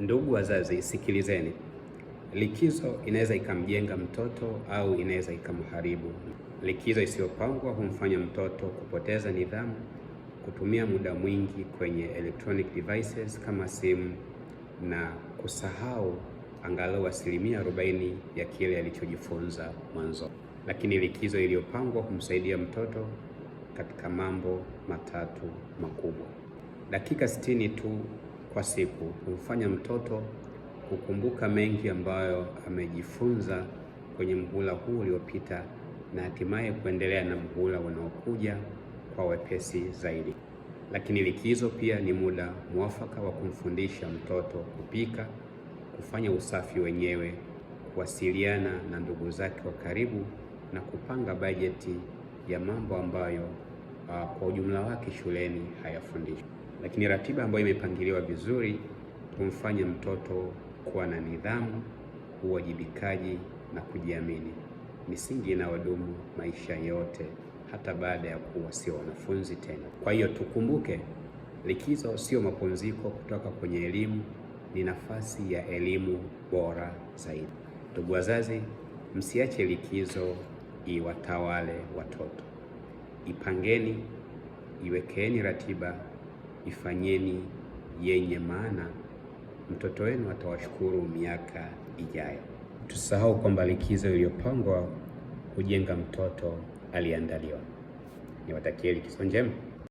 Ndugu wazazi, sikilizeni, likizo inaweza ikamjenga mtoto au inaweza ikamharibu. Likizo isiyopangwa humfanya mtoto kupoteza nidhamu, kutumia muda mwingi kwenye electronic devices kama simu na kusahau angalau asilimia 40 ya kile alichojifunza mwanzo. Lakini likizo iliyopangwa humsaidia mtoto katika mambo matatu makubwa. Dakika 60 tu kwa siku humfanya mtoto kukumbuka mengi ambayo amejifunza kwenye mhula huu uliopita na hatimaye kuendelea na mhula unaokuja kwa wepesi zaidi. Lakini likizo pia ni muda mwafaka wa kumfundisha mtoto kupika, kufanya usafi wenyewe, kuwasiliana na ndugu zake wa karibu na kupanga bajeti ya mambo ambayo uh, kwa ujumla wake shuleni hayafundishwi lakini ratiba ambayo imepangiliwa vizuri kumfanya mtoto kuwa na nidhamu, uwajibikaji na kujiamini, misingi inayodumu maisha yote, hata baada ya kuwa sio wanafunzi tena. Kwa hiyo tukumbuke, likizo sio mapumziko kutoka kwenye elimu, ni nafasi ya elimu bora zaidi. Ndugu wazazi, msiache likizo iwatawale watoto. Ipangeni, iwekeeni ratiba ifanyeni yenye maana, mtoto wenu atawashukuru miaka ijayo. Tusahau kwamba likizo iliyopangwa hujenga mtoto aliandaliwa. Niwatakie likizo njema.